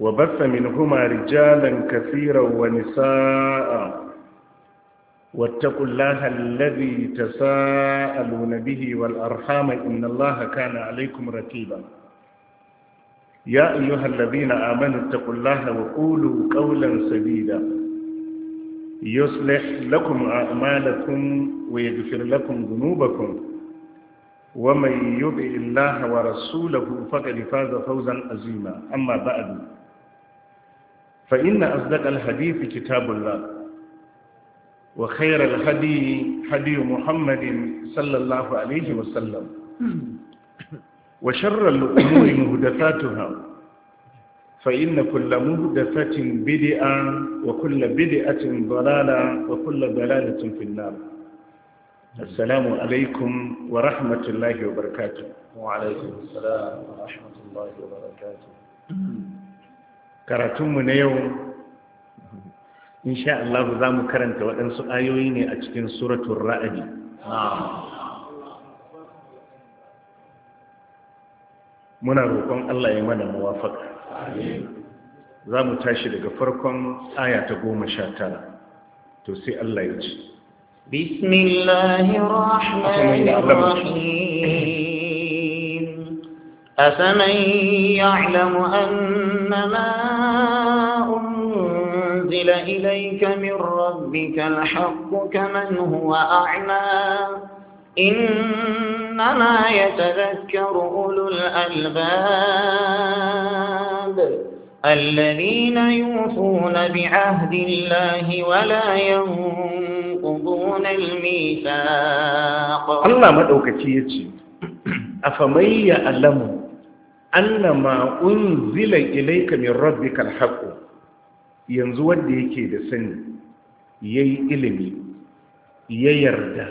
وبث منهما رجالا كثيرا ونساء واتقوا الله الذي تساءلون به والأرحام إن الله كان عليكم ركيبا يا أيها الذين آمنوا اتقوا الله وقولوا قولا سديدا يصلح لكم أعمالكم ويغفر لكم ذنوبكم ومن يطع الله ورسوله فقد فاز فوزا عظيما أما بعد فإن أصدق الحديث كتاب الله وخير الهدي هدي محمد صلى الله عليه وسلم وشر الأمور مهدفاتها فإن كل مهدفة بدئة وكل بدئة ضلالة وكل ضلالة في النار السلام عليكم ورحمة الله وبركاته وعليكم السلام ورحمة الله وبركاته karatunmu na yau insha Allah za mu karanta waɗansu ayoyi ne a cikin suratun ra'adi muna roƙon Allah ya mana muwafaka za mu tashi daga farkon aya ta goma sha tara to sai Allah ya ce bismillahirrahmanirrahim أفمن يعلم أن ما أنزل إليك من ربك الحق كمن هو أعمى إنما يتذكر أولو الألباب الذين يوفون بعهد الله ولا ينقضون الميثاق الله ما أوكتيتي أفمن يعلم ma unzila ilayka min rabbika haqq yanzu wanda yake da sani yayi ilimi ya yarda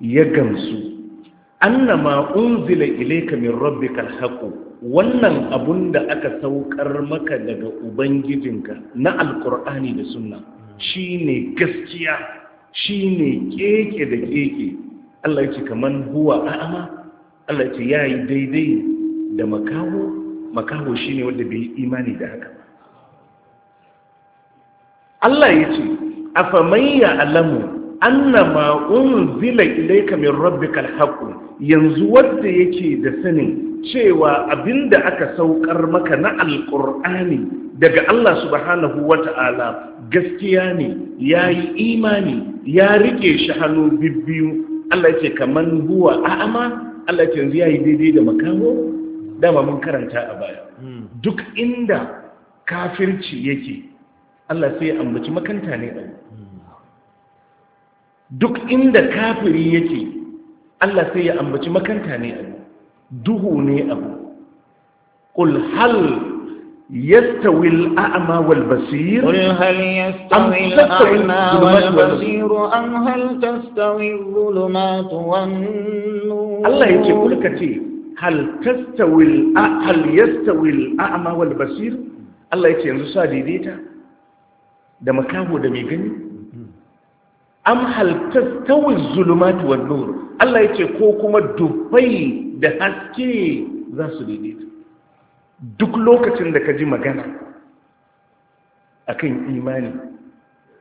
ya gamsu annama unzila ilayka min rabbika haqq wannan abunda aka saukar maka daga ubangijinka na alkur'ani da sunna shine gaskiya shine keke da keke Allah ya kaman huwa a'ama Allah ya yayi daidai da makaho makaho shi ne wanda bai imani da haka Allah ya ce famai ya alamu an annama unzila ilai kamar rabbikal haqq yanzu wanda yake da sanin cewa abinda aka saukar maka na Alƙur'ani, daga Allah subhanahu wa ta'ala gaskiya ne ya yi imani ya rike shi hannu bibbiyu Allah ce kaman huwa a'ama Allah ce yanzu ya yi daidai da makamo dama mun karanta a baya hmm. duk inda kafirci yake Allah sai ya ambaci makanta ne ɗan hmm. duk inda kafiri yake Allah sai ya ambaci makanta ne ɗan duhu ne abu ƙul hal يستوي الأعمى والبصير قل هل يستوي الأعمى والبصير أم هل تستوي الظلمات والنور الله يقول لك hal tastawil hal yastawil a'ma wal basir Allah yake yanzu sa daidaita da makaho da mai gani am hal tastawil zulumat wan nur Allah yake ko kuma dubbai da haske za su daidaita duk lokacin da ka ji magana akan imani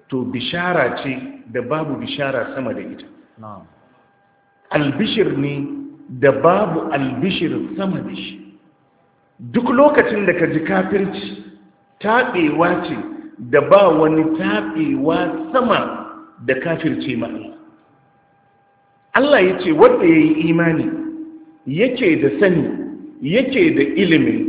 to bishara ce da babu bishara sama da ita albishir ne da babu albishir sama da shi duk lokacin da ka ji kafirci taɓewa ce da ba wani taɓewa sama da kafirce ma'a Allah ya ce wanda ya yi imani yake da sani yake da ilimi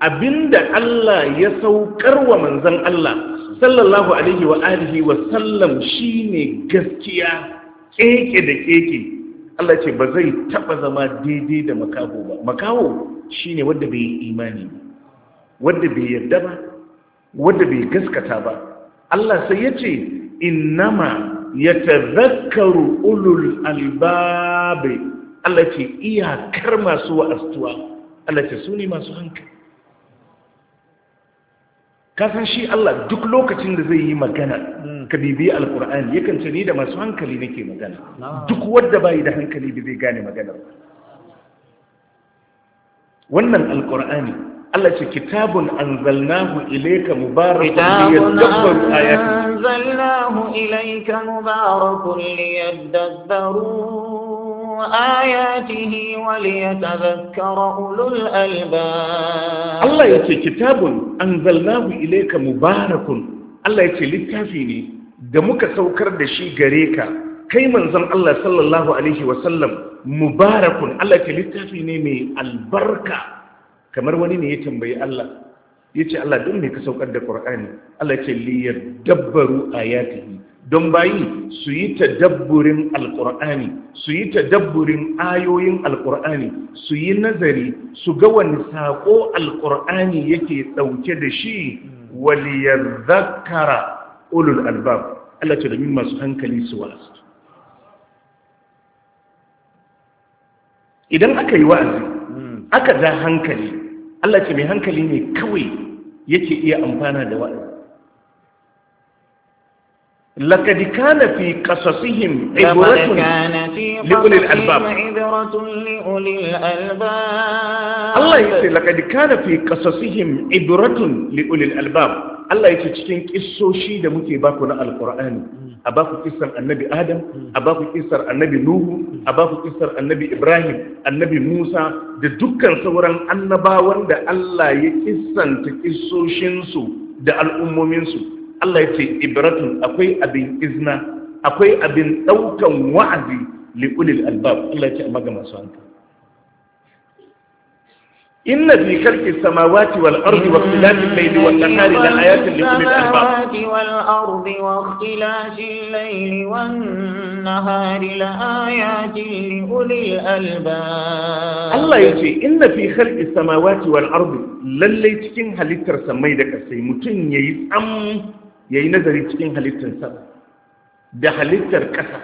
abinda Allah ya saukar wa manzan Allah sallallahu alaihi wa wa sallam shine gaskiya keke da keke Allah ce ba zai taba zama daidai da makaho ba makaho shine wanda bai imani ba wanda bai yarda ba wanda bai gaskata ba Allah sai ya ce innama yatazakkaru ulul albab Allah ce iyakar masu wa'astuwa Allah ce su masu hankali kasan shi Allah duk lokacin da zai yi magana ka bibi alkur'ani yakan ce ni da masu hankali nake magana duk wanda bai da hankali ba zai gane maganar wannan alkur'ani Allah ce kitabun anzalnahu ilayka mubarakun liyadabbaru ayati anzalnahu ilayka mubarakun liyadabbaru ayatihi wa liyatadhakkara ulul albab Allah yace kitabun anzalnahu ilayka mubarakun Allah ya ce littafi ne da muka saukar da shi gare ka kai manzon Allah sallallahu alaihi wasallam mubarakun Allah ya ce littafi ne mai albarka kamar wani ne ya tambayi Allah ya ce Allah don me ka saukar da Qur'ani Allah ya ce li yadabbaru ayatihi don bayi su yi tadabburin alkur'ani su yi tadabburin ayoyin alkur'ani su yi nazari su ga wani saƙo alkur'ani yake ɗauke da shi Waliyar zakara ulul albab Allah ce domin masu hankali su wa'azi idan aka yi wa'azi aka ja hankali Allah ce mai hankali ne kawai yake iya amfana da wa'azi لقد كان في قصصهم عبرة لأولي الألباب Allah ya ce cikin kissoshi da muke baku na alkur'ani a baku kissar annabi adam a baku kissar annabi nuhu a baku kissar annabi ibrahim annabi musa da dukkan sauran annabawan da Allah ya kissanta kissoshinsu da al'ummominsu Allah ya ce ibratun akwai abin izina akwai abin ɗaukan wa'azi liƙulil albab Allah ya ce amma ga masu hanta inna fi karki samawati wal ardi wa ikhtilafi al-layli wan nahari la ayatin liqawmin yu'minun samawati wal ardi wa ikhtilafi al-layli wan nahari la ayatin cikin halittarsa mai da kasai mutun yayi tsam ya yi nazari cikin halittarsa da halittar ƙasa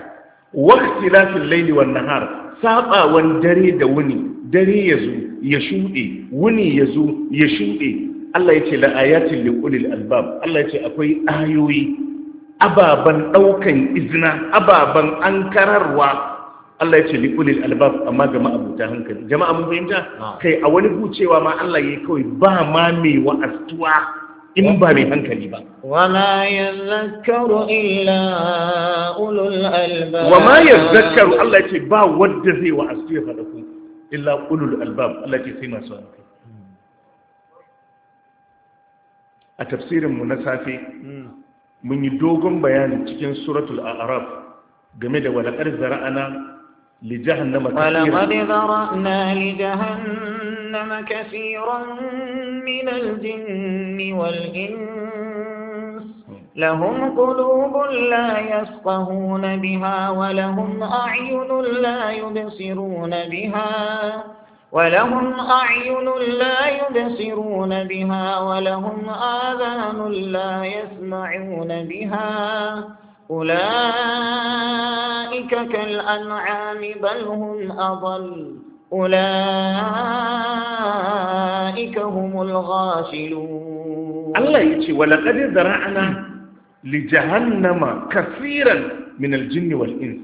wakti lafin laili wa nahar saɓawan dare da wuni dare ya zo ya shuɗe wuni ya zo ya shuɗe Allah ya ce la'ayatin liƙulil albab Allah ya ce akwai ayoyi ababan ɗaukan izina ababan ankararwa Allah ya ce liƙulil albab amma ga ma'abuta hankali jama'a mun fahimta kai a wani bucewa ma Allah ya kawai ba ma mai wa'astuwa in ba mai hankali ba wama yadhakkaru illa ulul albab wama yadhakkaru Allah ce ba wanda zai wa asiya fada ku illa ulul albab Allah ce sai masu hankali a tafsirin mu na safe mun yi dogon bayani cikin suratul a'raf game da walaqad zara'ana li jahannama kathira walaqad zara'na li jahannama جهنم كثيرا من الجن والإنس لهم قلوب لا يفقهون بها ولهم أعين لا يبصرون بها ولهم أعين لا يبصرون بها ولهم آذان لا يسمعون بها أولئك كالأنعام بل هم أضل أولئك هم الغافلون الله يجي ولقد ذرعنا لجهنم كثيرا من الجن والإنس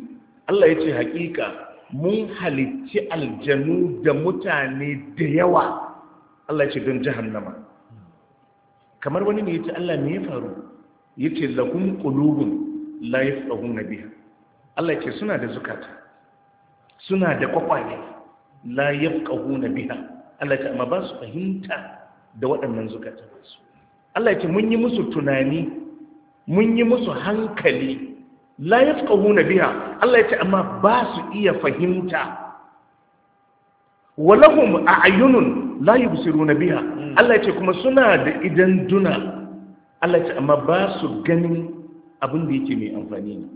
Allah ya ce hakika mun halicci aljanu da mutane da yawa Allah ya ce don jahannama kamar wani ne ya ce Allah me ya faru ya ce lahun ƙulubun la na biya Allah ya ce suna da zukata suna da kwakwaye la yafqahuna biha Allah ta amma ba su fahimta da waɗannan zukatan su Allah ya ce mun yi musu tunani mun yi musu hankali la yafqahuna biha Allah ya ce amma ba su iya fahimta walahum a'yunun la yubsiruna biha Allah ya ce kuma suna da idan duna Allah ya ce amma ba su ganin abin da yake mai amfani ne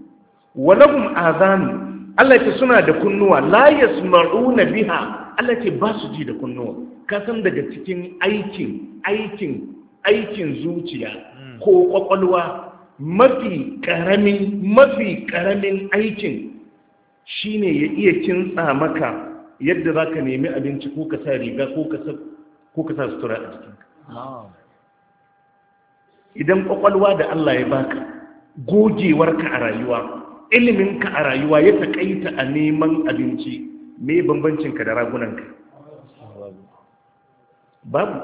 walahum azanu Allah ce suna da kunnuwa la yasma'una biha Allah ce ba su ji da kunnuwa ka san daga cikin aikin aikin aikin zuciya ko kwakwalwa mafi karamin mafi karamin aikin shine ya iya kintsa maka yadda za ka nemi abinci ko ka sa riga ko ka sa sutura a jikinka idan kwakwalwa da Allah ya baka gogewarka a rayuwa iliminka a rayuwa ya taƙaita a neman abinci me bambancinka da ragunanka babu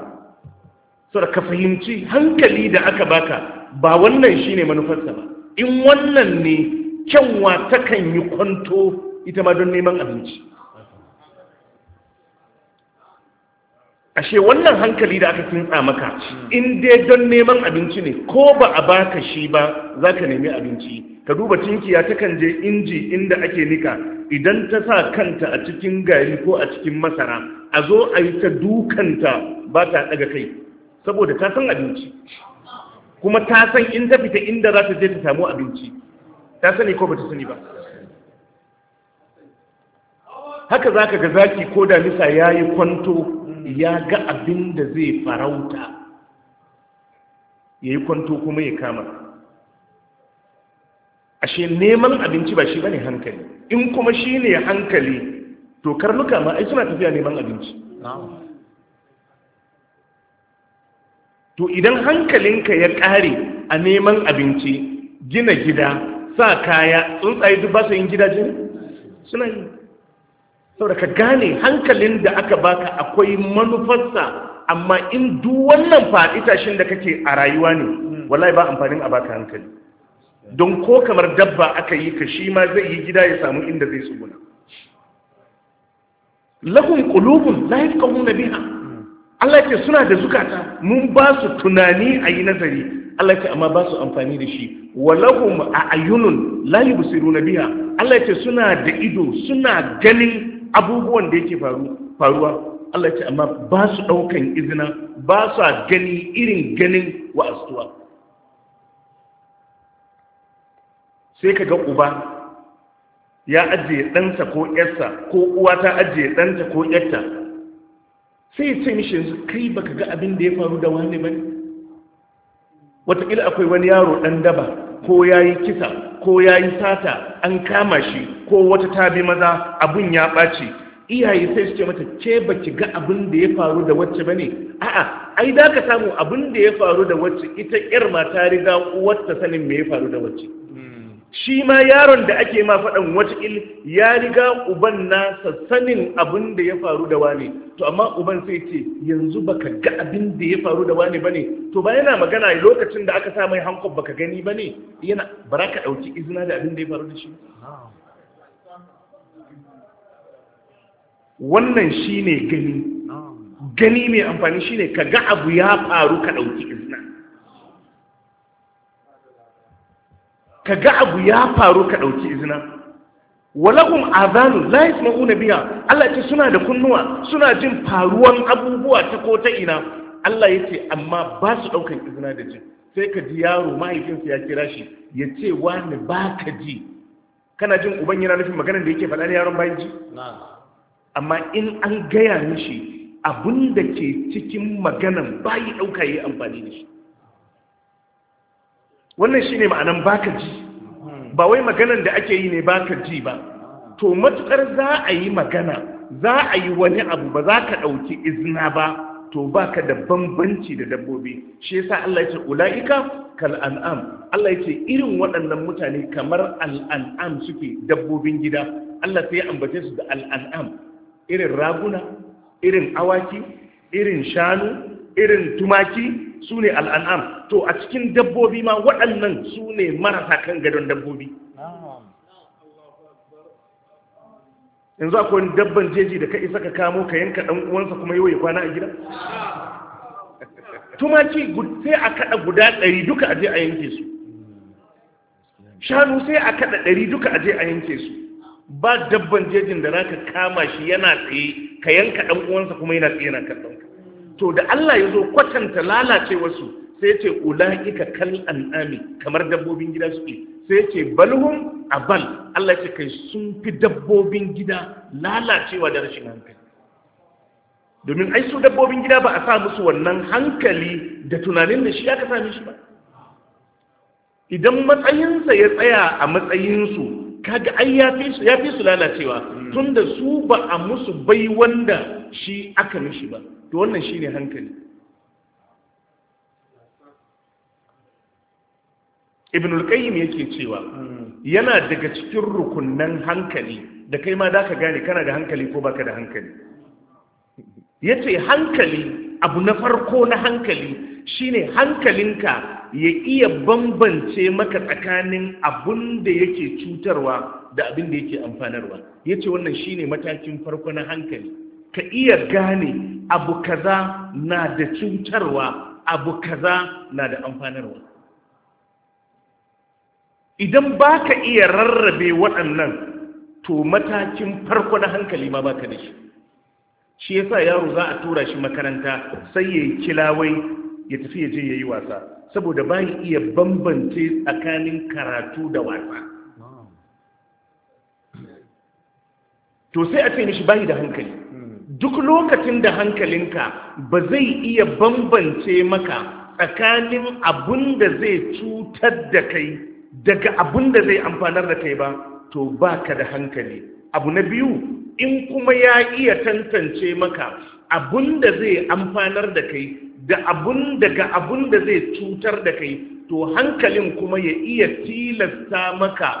saboda ka fahimci hankali da aka baka ba wannan shi ne manufarsa ba in wannan ne kyanwa takan yi kwanto ita ma don neman abinci ashe wannan hankali da aka kintsa maka in dai don neman abinci ne ko ba a baka shi ba za ka nemi abinci ka duba ta takan je inji inda ake nika idan ta sa kanta a cikin gari ko a cikin masara a zo a yi ta dukanta ba ta daga kai saboda ta san abinci kuma ta san in ta fita inda za ta je ta samu abinci ta sani ko ba ta sani ba haka za ka ga zaki ko damisa ya yi kwanto ya ga abin da zai farauta ya yi kwanto kuma ya kama ashe neman abinci ba shi ba ne hankali in kuma shi ne hankali to karnuka ma ai suna tafiya neman abinci to idan hankalinka ya ƙare a neman abinci gina gida sa kaya tsuntsaye duk ba su yin gidaje suna yi saboda ka gane hankalin da aka baka akwai manufarsa amma in duk wannan faɗi tashin da kake a rayuwa ne wallahi ba amfanin a baka hankali don ko kamar dabba aka yi ka shi ma zai yi gida ya samu inda zai tsuguna lahum qulubun la yafqahuna biya. Allah ce suna da zukata mun ba su tunani a yi nazari Allah ce amma ba su amfani da shi walahum a'yunun la yubsiruna biya. Allah ce suna da ido suna ganin abubuwan da yake faruwa Allah ce amma ba su ɗaukan izina ba su gani irin ganin wa'astuwa sai ka ga uba ya ajiye ɗansa ko ƴarsa ko uwa ta ajiye ɗanta ko ƴarta sai ce mishi yanzu kai baka ga abin da ya faru da wani bane wataƙila akwai wani yaro ɗan daba ko ya yi kisa ko ya yi sata an kama shi ko wata ta bi maza abun ya ɓaci iyaye sai su ce mata ce ba ki ga abin da ya faru da wacce ba ne a'a ai da ka samu abin da ya faru da wacce ita ƙyar ma ta riga uwarta sanin me ya faru da wacce shi ma yaron da ake ma faɗan watakil ya riga uban nasa sanin abin da ya faru da wane to amma uban sai ce yanzu baka ga abin da ya faru da wane bane to ba yana magana lokacin da aka sa mai ba baka gani bane yana bara ka ɗauki izina da abin da ya faru da shi wannan shine gani gani mai amfani shine ka ga abu ya faru ka ɗauki izina ka ga abu ya faru ka ɗauki izina Walakun azanu la yasma'u biya Allah ce suna da kunnuwa suna jin faruwan abubuwa ta ko ta ina Allah yace amma ba su ɗaukan izina da jin sai ka ji yaro mahaifinsa ya kira shi ya ce wani ba ka ji kana jin uban yana nufin maganar da yake faɗa ne yaron bayan ji amma in an gaya mishi abin da ke cikin maganan bayi ɗauka ya yi amfani da shi wannan shine ma'anan baka ji ba wai maganan da ake yi ne baka ji ba to matukar za a yi magana za a yi wani abu ba za ka ɗauki izina ba to baka da bambanci da dabbobi shi yasa Allah ya ce ulaika kal an'am Allah ya ce irin waɗannan mutane kamar al an'am suke dabbobin gida Allah sai ya ambace su da al an'am irin raguna irin awaki irin shanu irin tumaki su ne al'an'am to a cikin dabbobi ma waɗannan su ne marasa kan gadon dabbobi yanzu akwai wani dabban jeji da ka isa ka kamo ka yanka ɗan uwansa kuma yi waye kwana a gida tumaki sai a kaɗa guda ɗari duka a je a yanke su shanu sai a kaɗa ɗari duka a je a yanke su ba dabban jejin da za ka kama shi yana tsaye ka yanka ɗan uwansa kuma yana tsaye na kallon to da Allah ya zo kwatanta wasu sai ce ula'ika kal an'ami kamar dabbobin gida suke sai ce balhum abal Allah ce kai sun fi dabbobin gida lalacewa da rashin hankali domin ai su dabbobin gida ba a sa musu wannan hankali da tunanin da shi aka sa shi ba idan matsayinsa ya tsaya a matsayinsu kaga ai ya fi su lalacewa tunda su ba a musu bai wanda shi aka mishi ba to wannan shi ne hankali ibn al-qayyim yake cewa yana daga cikin rukunnan hankali da kai ma da ka gane kana da hankali ko baka da hankali yace hankali abu na farko na hankali shine hankalinka ya iya bambance maka tsakanin abun da yake cutarwa da abin da yake amfanarwa yace wannan shine matakin farko na hankali ka iya gane abu kaza na da cutarwa abu kaza na da amfanarwa idan ba ka iya rarrabe waɗannan to matakin farko na hankali ma ba ka shi shi yasa yaro za a tura shi makaranta sai ya yi kilawai ya tafi ya je ya yi wasa saboda ba iya bambance tsakanin karatu da wasa to sai a ce mishi bayi da hankali duk lokacin da hankalinka ba zai iya bambance maka tsakanin abun da zai cutar da kai daga abun da zai amfanar da kai ba to ba ka da hankali abu na biyu in kuma ya iya tantance maka abun da zai amfanar da kai da abun daga abun da zai cutar da kai to hankalin kuma ya iya tilasta maka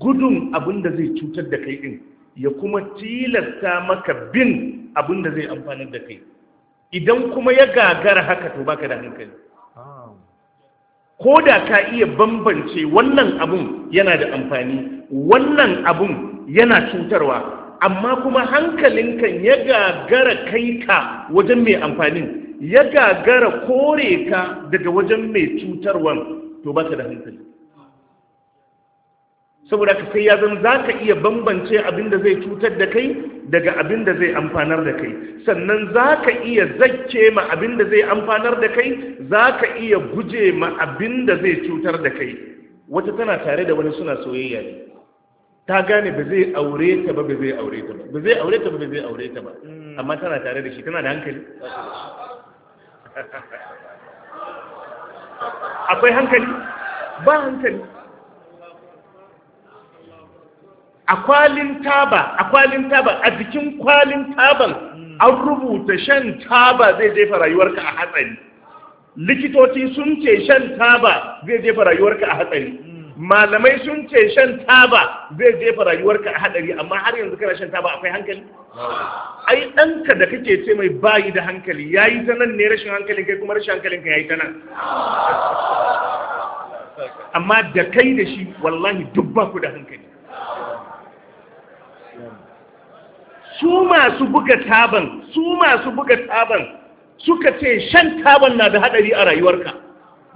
gudun abun da zai cutar da kai din ya kuma tilasta maka bin abin da zai amfani da kai idan kuma ya gagara haka to baka da hankali ko da ka iya bambance wannan abun yana da amfani wannan abun yana cutarwa amma kuma hankalinka ya gagara kai ka wajen mai amfanin ya gagara kore ka daga wajen mai cutarwa, to baka da hankali saboda ka sai ya zama za ka iya bambance abin da zai cutar da kai daga abin da zai amfanar da kai sannan za ka iya zacce ma abin da zai amfanar da kai za ka iya guje ma abin da zai cutar da kai wata tana tare da wani suna soyayya ne ta gane ba zai aure ta ba ba zai aure ta ba ba zai aure ta ba ba zai aure ta ba hmm. amma tana tare da shi tana da hankali akwai hankali ba hankali a kwalin taba a kwalin taba a jikin kwalin taban an rubuta shan taba zai jefa rayuwarka a hatsari likitoci sun ce shan taba zai jefa rayuwarka a hatsari malamai sun ce shan taba zai jefa rayuwarka a hatsari amma har yanzu kana shan taba akwai hankali ai ɗanka da kake ce mai bayi da hankali ya yi ta nan ne rashin hankalin kai kuma rashin hankalin ka ya ta nan amma da kai da shi wallahi duk ba ku da hankali su masu buga taban su masu buga taban suka ce shan taban na da hadari a rayuwarka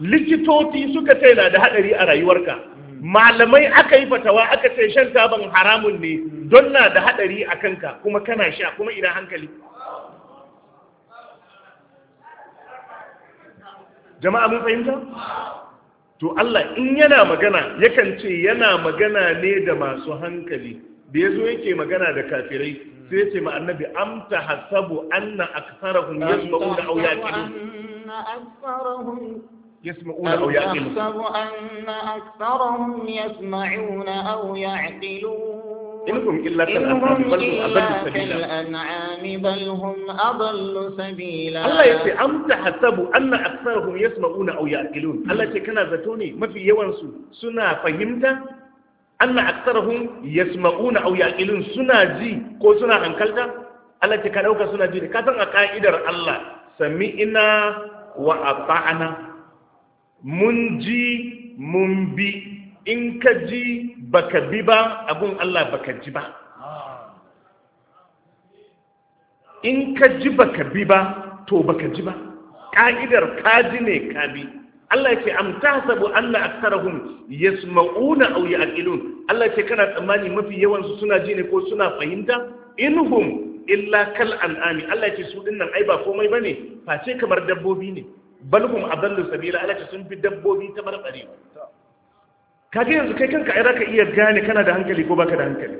likitoci suka ce na da hadari a rayuwarka malamai aka yi fatawa aka ce shan taban haramun ne don na da hadari a kanka kuma kana sha kuma ina hankali jama'a mun fahimta to Allah in yana magana yakan ce yana magana ne da masu hankali da ya zo yake magana da kafirai sai ce ma annabi am ta hasabu anna aktharahum yasma'una aw yaqilun anna aktharahum يسمعون أو يعقلون أحسب أن أكثرهم يسمعون أو يعقلون إنهم إلا كالأنعام بل هم أضل سبيلا الله يقول أم تحسبوا أن أكثرهم يسمعون أو يعقلون الله يقول كنا ذاتوني ما في يوانسو سنة فهمت anna aktsarahum yasma'una na yaqilun suna ji ko suna hankalta Allah ka ɗauka suna ji ka san a ka'idar Allah sami'ina wa ata'ana mun ji mun bi in ka ji baka bi ba abun Allah baka ji ba in ka ji baka bi ba to baka ji ba ka'idar ka ji ne ka bi Allah ya ce am tahsabu anna aktharahum yasma'una aw ya'qilun Allah ya ce kana tsammani mafi yawan su suna ji ne ko suna fahimta inhum illa kal an'ami Allah ya ce su dinnan ai ba komai bane face kamar dabbobi ne balhum adallu sabila Allah ya ce sun fi dabbobi ta barbare kaje yanzu kai kanka ai zaka iya gane kana da hankali ko baka da hankali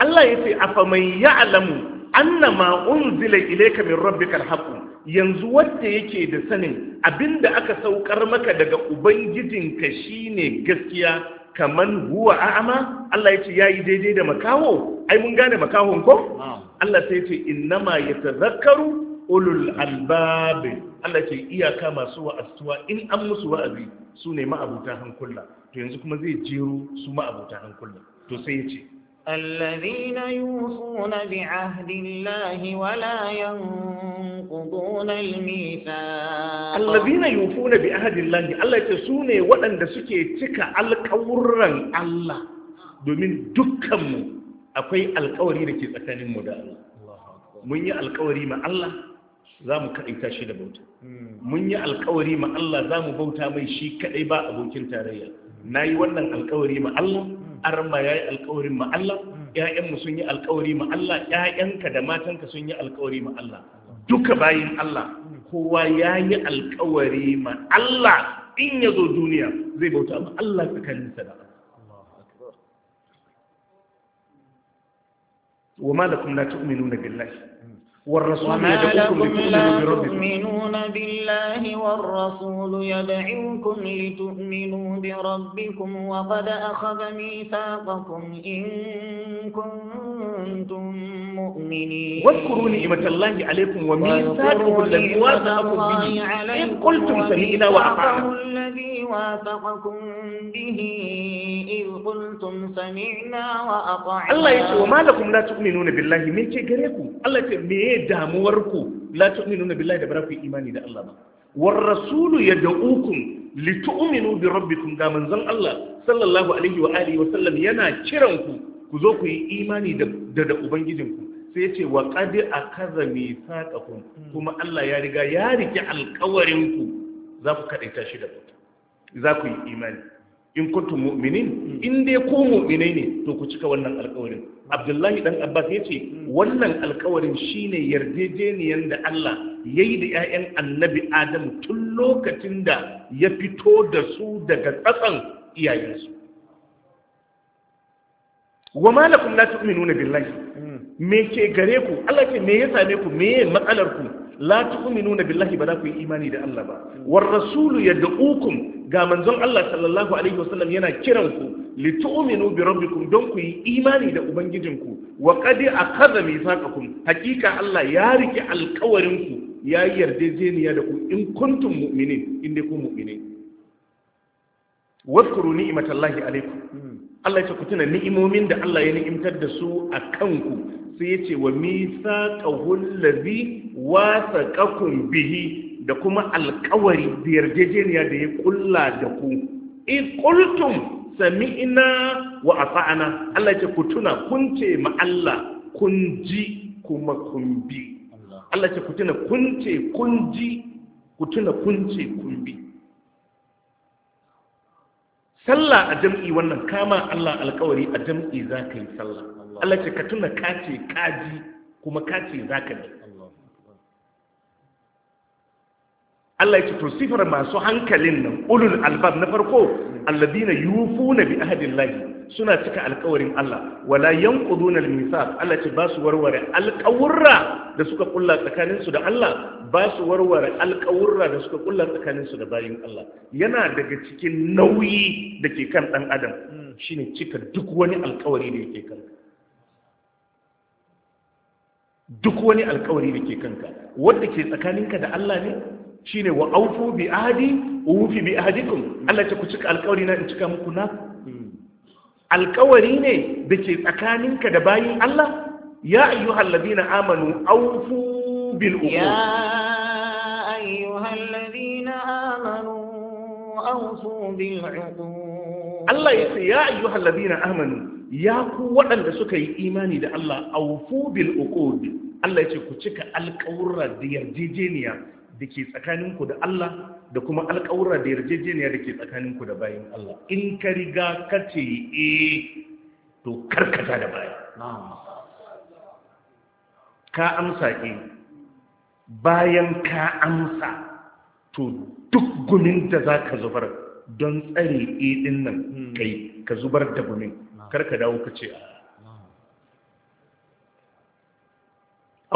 Allah ya ce afa man ya'lamu annama unzila ilayka min rabbikal haqq yanzu wanda yake da sanin abinda aka saukar maka daga ubangijin ka shine gaskiya kaman huwa a'ama Allah yace yayi daidai da makaho ai mun gane makahon ko Allah sai yace innama yatazakkaru ulul albab Allah ce iyaka masu wa'azuwa in an musu wa'azi su ne ma'abuta hankula to yanzu kuma zai jero su ma'abuta hankula to sai yace الذين يوصون بعهد الله ولا ينقضون الميثاق الذين يوفون بعهد الله الله يتسوني ولن دسكي تكا الكورن الله domin dukkanmu akwai alkawari da ke tsakaninmu da Allah mun yi alkawari ma Allah za mu kaɗaita shi da bauta mun yi alkawari ma Allah za mu bauta mai shi kaɗai ba abokin tarayya na yi wannan alkawari ma Allah arma ya yi alkawarin ma Allah ‘ya'yanmu sun yi alkawari ma Allah ‘ya'yanka da matanka sun yi alkawari ma Allah duka bayin Allah kowa ya yi alkawari ma Allah in ya zo duniya zai bauta ma Allah tsakaninsa da wa malakum la tu'minuna billahi والرسول يدعوكم لتؤمنوا بربكم تؤمنون بالله والرسول يدعوكم لتؤمنوا بربكم وقد أخذ ميثاقكم إن كنتم مؤمنين واذكروا نعمة الله عليكم وميثاقه الذي واثقكم به إن قلتم سمعنا وأطعنا الذي واثقكم به قلتم سمعنا وأطعنا الله يسوى ما لكم لا تؤمنون بالله من تجريكم الله يسوى مي داموركم لا تؤمنون بالله دبركم إيماني ده الله والرسول يدعوكم لتؤمنوا بربكم ده من زن الله صلى الله عليه وآله وسلم ينا كرنكم كذوكم إيماني ده ده أبنجدكم sai ce wa ƙadi a kaza mai saƙakun kuma Allah ya riga ya riƙe alƙawarinku za ku kaɗaita shi da bauta za ku yi imani in kuntum mu'minin in dai ku mu'minai ne to ku cika wannan alƙawarin abdullahi dan abbas ya ce wannan alƙawarin shine yarjejeniyar da allah ya yi da 'ya'yan annabi adam tun lokacin da ya fito da su daga tsatsan iyayensu wa malakum la tu'minuna billahi me ke gare ku Allah ke me ya same ku me matsalar ku la tu'minuna billahi ba za ku yi imani da Allah ba war rasulu yad'ukum ga manzon Allah sallallahu alaihi wasallam yana kiran ku litu'minu bi rabbikum don ku yi imani da ubangijinku wa qad akhadha mithaqakum hakika Allah ya rike alkawarin ku ya yarjejeniya da ku in kuntum mu'minin in dai ku mu'mini wadhkuru ni'matallahi alaikum Allah ya ku tuna ni'imomin da Allah ya ni'imtar da su a kanku sai ya ce wa mithaqahu allazi wasaqakum bihi da kuma alkawari da yarjejeniya da ya kulla da ku in sami ina wa ata'na Allah ce ku tuna kun ce ma Allah kun ji kuma kun bi Allah ce ku tuna kun ce kun ji ku tuna kun ce kun bi sallah a jam'i wannan kama Allah alkawari a jam'i za ka yi sallah Allah ce ka tuna ka ce ka ji kuma ka ce za ka bi Allah ya ce to sifar masu hankalin nan ulul albab na farko alladina yufuna bi ahdillahi suna cika alkawarin Allah wala yanquduna al-mithaq Allah ya ce ba su warware alƙawurra da suka kulla tsakanin su da Allah ba su warware alƙawurra da suka kulla tsakanin su da bayin Allah yana daga cikin nauyi da ke kan dan adam shine cika duk wani alƙawari da yake kanka duk wani alkawari da ke kanka wadda ke tsakaninka da Allah ne Shi shine wa aufu bi ahdi ufi bi ahdikum Allah ce ku cika alƙawari na in cika muku na alƙawari ne da ke tsakaninka da bayin Allah ya ayyuhal ladina amanu aufu bil uqud ya ayyuhal ladina amanu aufu bil uqud Allah ya ce ya ayyuhal ladina amanu ya ku waɗanda suka yi imani da Allah aufu bil uqud Allah ya ce ku cika alƙawurra da yarjejeniya da ke tsakaninku da Allah da kuma alƙawura da yarjejeniya da ke tsakaninku da bayan Allah in ka riga ka ce eh to karkata da baya ka amsa eh bayan ka amsa to duk gumin da za ka zubar don tsare eh din nan kai ka zubar da gumin karka dawo ka ce a ah.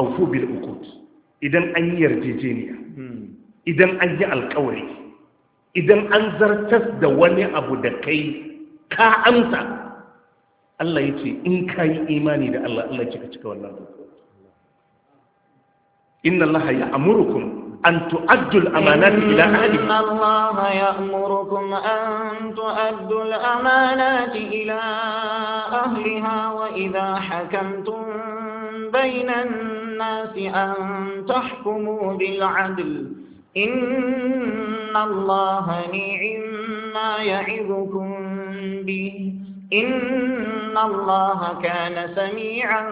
aufu bil uku idan an yi yarjejeniya idan an yi alkawari idan an zartas da wani abu da kai ka amsa Allah ya ce in ka yi imani da Allah Allah cika cika wannan inna Allah ya amurukum an tu'addu al-amanati ila ahli Allah ya'murukum an tu'addu al-amanati ila ahliha wa idha hakamtum bainan الناس أن تحكموا بالعدل إن الله نعم ما يعظكم به إن الله كان سميعا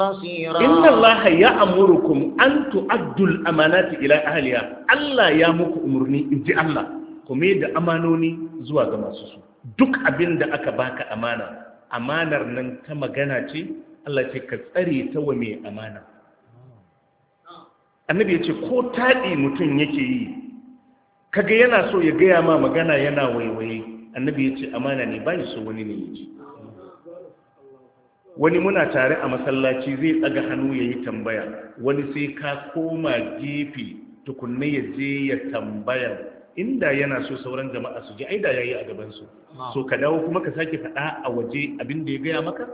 بصيرا إن الله يأمركم أن تؤدوا الأمانات إلى أهلها ألا يامك أمرني إنت الله كميد أمانوني زوا ماسوسو duk abin da aka baka amana amanar nan ta magana ce Allah ce ka annabi ya ce ko taɗi mutum yake yi kaga yana so ya gaya ma magana yana waiwaye annabi ya ce amana ne bayi so wani ne ya wani muna tare a masallaci zai tsaga hannu ya yi tambaya wani sai ka koma gefe tukunne ya je ya tambaya inda yana so sauran jama'a su ji aida ya yi a gabansu so ka dawo kuma ka sake faɗa a waje abin da ya gaya maka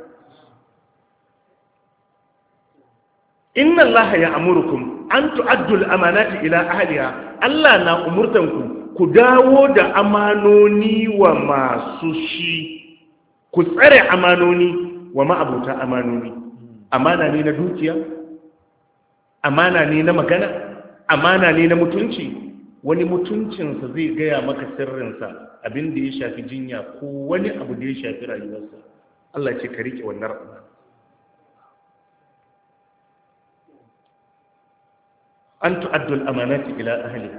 innan laha ya amurukum an tu'addul amanati ila ahliha Allah na umurtan ku ku dawo da amanoni wa masu shi ku tsare amanoni wa ma'abuta amanoni amana ne na dukiya amana ne na magana amana ne na mutunci wani mutuncinsa zai gaya maka sirrinsa abin da ya shafi jinya ko wani abu da ya shafi rayuwarsa Allah ce ka rike wannan amana an tu'addul amanati ila ahli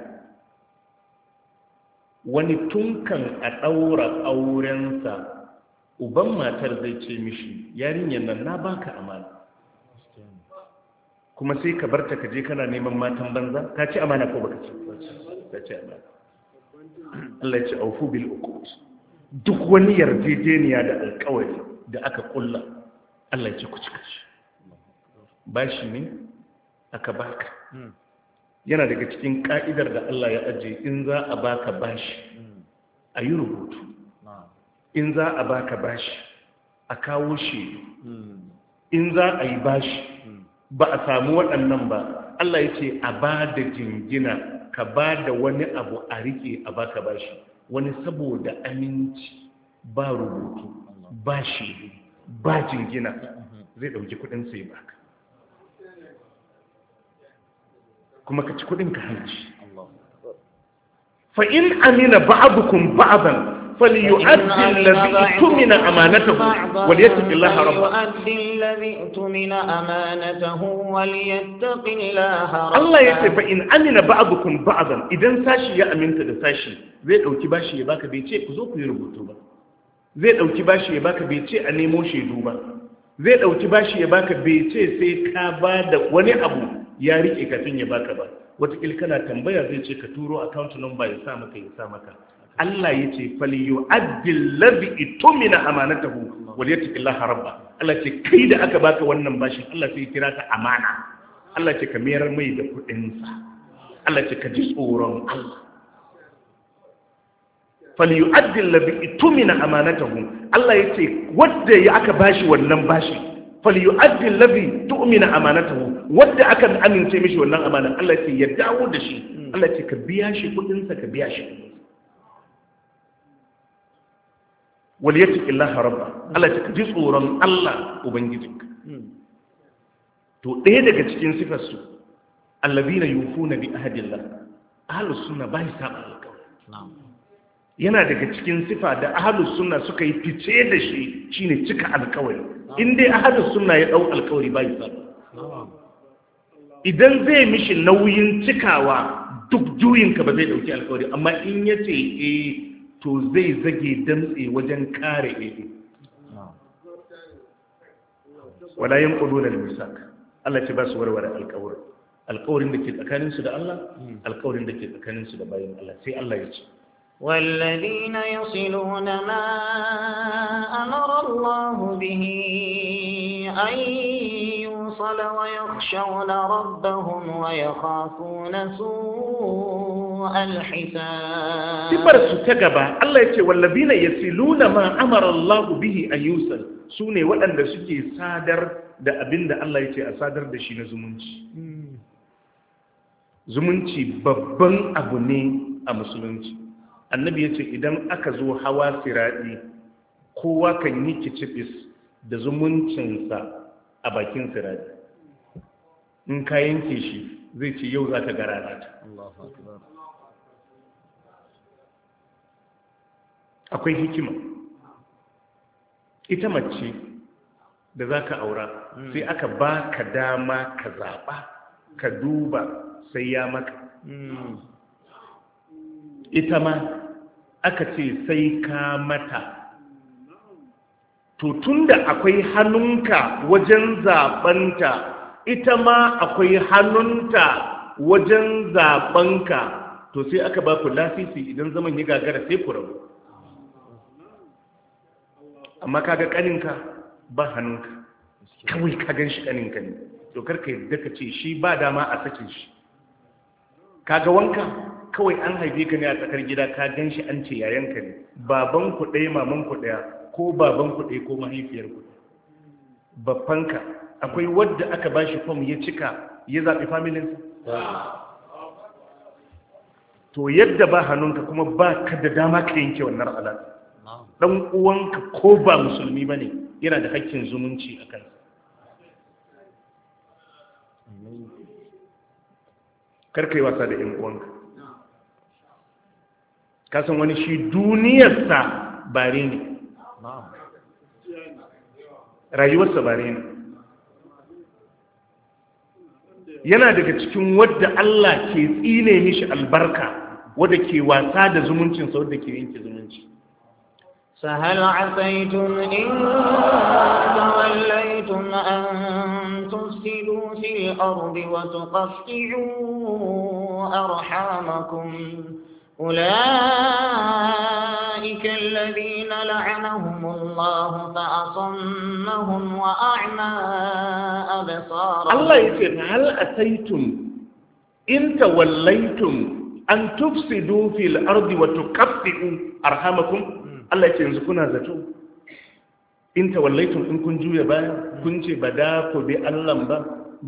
wani tunkan a ɗaura aurensa uban matar zai ce mishi yarinyar nan na baka amana kuma sai ka barta ka je kana neman matan banza ka ci amana ko baka ci. ka ci amana Allah ya ce aufu bil uqut duk wani yarjejeniya da alƙawari da aka kulla Allah ya ce ku cika shi bashi ne aka baka hmm. yana daga cikin ka'idar da Allah ya aje in za a baka bashi a yi rubutu in za a baka bashi a kawo shi in za a yi bashi ba a samu waɗannan ba Allah ya ce a ba da jingina ka ba da wani abu a riƙe a baka bashi wani saboda aminci ba rubutu ba shi ba jingina zai ɗauki kuɗin sai baka kuma ka ci kudin ka hanci fa in amina ba'dukum ba'dan فليؤدي الذي اؤتمن امانته وليتق الله ربه يؤدي الذي اؤتمن امانته وليتق الله ربه الله يتي فان امن بعضكم بعضا اذا ساشي يا امنت da sashi zai dauki bashi ya baka bai ce ku zo ku yi rubutu ba zai dauki bashi ya baka bai ce a nemo shaidu ba zai ɗauki bashi ya baka bai ce sai ka ba da wani abu ya rike kafin ya baka ba wataƙil kana tambaya zai ce ka turo account number ya sa maka ya sa maka Allah ya ce fali yu'addil ladhi itumina amanatahu wal yattaqillaha rabba Allah ce kai da aka baka wannan bashi Allah sai kira ka amana Allah ce ka mayar mai da kuɗin sa Allah ce ka ji tsoron Allah fali yu'addil ladhi itumina amanatahu Allah ya ce wanda ya aka bashi wannan bashi. falyu'addi allazi tu'mina amanatahu wanda aka amince mishi wannan amana Allah ce ya dawo da shi Allah ce ka biya shi kudin sa ka biya shi wal yattaqillaha rabba Allah ce ka ji tsoron Allah ubangijinka to ɗaya daga cikin sifar su allazina yufuna bi ahdillah ahlus sunna ba sa alƙawari yana daga cikin sifa da ahalus sunna suka yi fice da shi shine cika alkawari in dai ahalus sunna ya dau alkawari ba yi idan zai mishi nauyin cikawa duk juyin ka ba zai dauki alkawari amma in ya ce eh to zai zage damtse wajen kare eh wala yanquduna al-misaq Allah ce ba su warware alkawari alkawarin da ke tsakaninsu da Allah alkawarin da ke tsakaninsu da bayan Allah sai Allah ya ce والذين يصلون ما أمر الله به أن يوصل ويخشون ربهم ويخافون سوء الحساب تبرس تقبع الله يقول والذين يصلون ما أمر الله به أن يوصل سوني وأن سكي سادر da abin da Allah ya ce a sadar da shi na zumunci. Zumunci babban abu ne a musulunci. annabi ya ce idan aka zo hawa siraɗi kowa kan yi kicibis da zumuncinsa a bakin siraɗi in ka yanke shi zai ce yau za ta gara ta akwai hikima ita mace da za ka aura hmm. sai aka ba ka dama ka zaɓa ka duba sai ya maka hmm. ita ma aka ce sai ka mata to tunda akwai hannunka wajen zabanta ita ma akwai hannunta wajen zaɓanka to sai aka ba ku lafisi idan zaman ya gagara sai ku rabu amma kaga ƙaninka ba hannunka kawai ka gan shi ƙaninka ne to karka yadda ka ce shi ba dama a sakin shi kaga wanka kawai an haife ka ne a tsakar gida ka gan shi an ce yayan ka ne baban ku ɗaya maman ku ɗaya ko baban ku ɗaya ko mahaifiyar ku ka. akwai wadda aka bashi shi fam ya cika ya zaɓi sa to yadda ba hannunka kuma ba ka da dama ka yanke wannan alaƙa ɗan uwanka ko ba musulmi ba yana da hakkin zumunci a kansa ka yi wasa da ‘yan uwanka kasan wani shi duniyarsa bare ne rayuwarsa bare ne yana daga cikin wadda Allah ke tsine mishi albarka wadda ke wasa da zumuncinsa wadda ke yanke zumunci فهل عسيتم إن توليتم أن تفسدوا في الأرض وتقطعوا أرحامكم أولئك الذين لعنهم الله فأصمهم وأعمى أبصارهم الله يقول هل أتيتم إن توليتم أن تفسدوا في الأرض وتكفئوا أرحامكم الله يقول ينزقنا ذاته إن توليتم إن كنتم يبايا كنت بداكو بألم با